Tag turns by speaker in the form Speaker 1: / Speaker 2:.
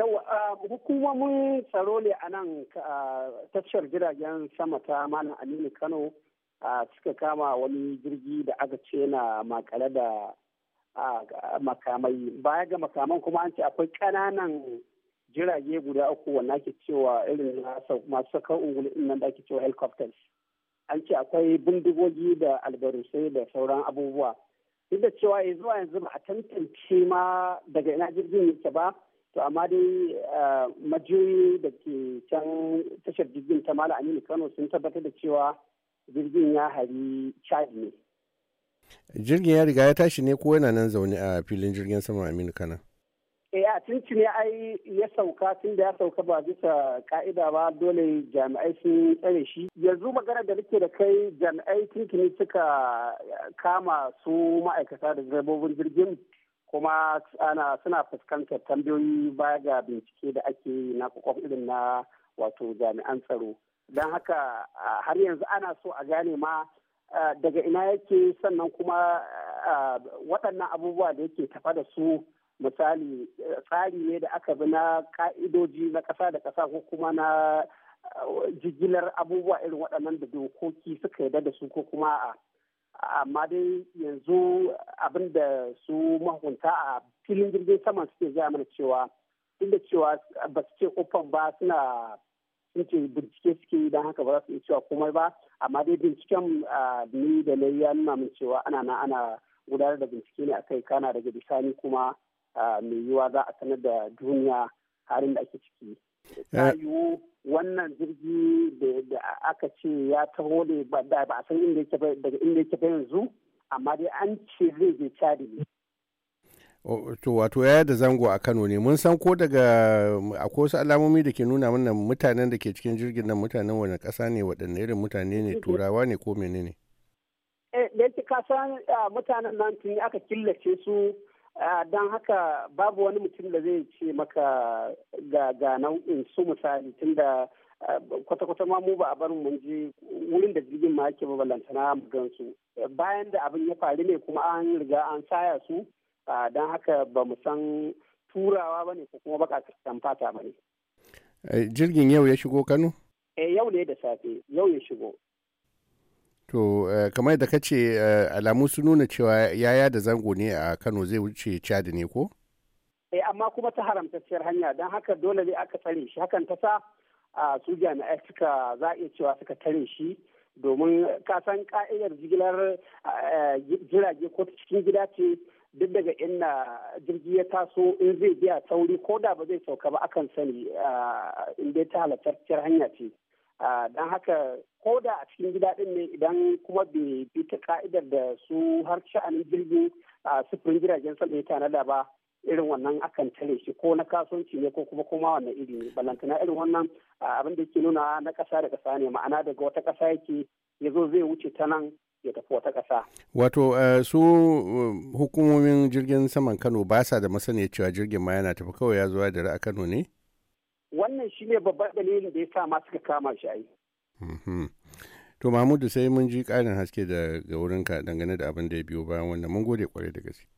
Speaker 1: Yau hukumomin tsaro ne a nan tashar jiragen sama ta Malam Aminu Kano suka kama wani jirgi da aka ce na makare da makamai. Baya ga makaman kuma an ce akwai kananan jirage guda uku wanda ake cewa irin masu sakar ungulu nan da ake cewa helicopters. An ce akwai bindigogi da albarusai da sauran abubuwa. Duk da cewa zuwa yanzu ba a tantance ma daga ina jirgin yake ba. to amma dai eh, majiyoyi da ke can tashar jirgin ta mala aminu kano sun tabbatar da cewa jirgin ya hari chad ne
Speaker 2: jirgin ya riga ya tashi ne ko yana nan zaune a filin jirgin sama aminu kano
Speaker 1: eh a tunci ne ai ya sauka tun da ya sauka ba bisa ka'ida ba dole jami'ai sun tsare shi yanzu magana da nake da kai jami'ai ne suka kama su ma'aikata da direbobin jirgin kuma ana suna fuskantar tambayoyi baya ga bincike da ake yi na kwakwaf irin na wato jami'an tsaro don haka har yanzu ana so a gane ma daga ina yake sannan kuma waɗannan abubuwa da yake tafa da su misali tsari ne da aka bi na ka'idoji na ƙasa da ƙasa ko kuma na jigilar abubuwa irin waɗannan da dokoki suka yarda da su ko kuma a amma dai yanzu abin da su mahukunta a filin jirgin saman suke gaya mana cewa inda cewa ba su ce kofan ba suna sun ce bincike suke yi haka ba za su iya cewa komai ba amma dai binciken ni da na ya nuna min cewa ana na ana gudanar da bincike ne a kai kana daga bisani kuma mai yiwuwa za a sanar da duniya halin da ake ciki. Ta eh. yiwu wannan jirgi da aka ce ya taho ne ba a san inda yake ba yanzu amma dai an ce zai je cari ne.
Speaker 2: to wato yaya da zango a kano ne mun san ko daga akwai wasu alamomi da ke nuna mana mutanen da ke cikin jirgin nan mutanen wani ƙasa ne waɗanne irin mutane ne turawa ne ko menene ne
Speaker 1: eh, da yake kasan ah, mutanen nan tun aka killace su Ah, don haka babu wani mutum da zai ce maka ga nau'in su misali tunda ah, kwata-kwata ma mu ba a barin mun je wurin da jirgin ma yake babalantana mu gan su bayan da abin ya faru ne kuma an riga an saya su ah, don haka ba mu san turawa ba ne ko kuma baka fata ba ne
Speaker 2: eh, jirgin yau ya shigo kano
Speaker 1: eh, yau ne da safe yau ya shigo
Speaker 2: To eh, kamar da kace eh, alamu sun nuna cewa yaya da zango ne a Kano zai wuce Chad ne ko?
Speaker 1: Eh amma kuma ta haramtacciyar hanya don haka dole ne aka tsare shi hakan ta sa su jami'ai suka za iya cewa suka tare shi domin ka san ka'idar jigilar eh, jirage ko ta cikin gida ce duk daga inda jirgi ya taso in zai biya sauri ko da ba zai sauka ba akan sani in dai ta halartacciyar hanya ce. don haka ko da a cikin gida din ne idan kuma bai bi ta ka'idar da su har sha'anin jirgin sufurin jiragen sama ya tanada ba irin wannan akan tare shi ko na kasuwanci ne ko kuma kuma wannan iri ne balantana irin wannan abin da ke nuna na kasa da kasa ne ma'ana daga wata kasa yake ya zo zai wuce ta nan ya tafi wata ƙasa.
Speaker 2: Wato su um, hukumomin jirgin saman Kano ba sa da masaniya cewa jirgin ma yana tafi kawai ya zuwa da a Kano ne?
Speaker 1: wannan shi ne babban dalilin da ya sa ma suka kama shi ai.
Speaker 2: Mhm. to mahmudu sai mun ji ƙarin haske daga wurinka dangane da abin da ya biyo bayan wannan mun gode kwarai da gaske.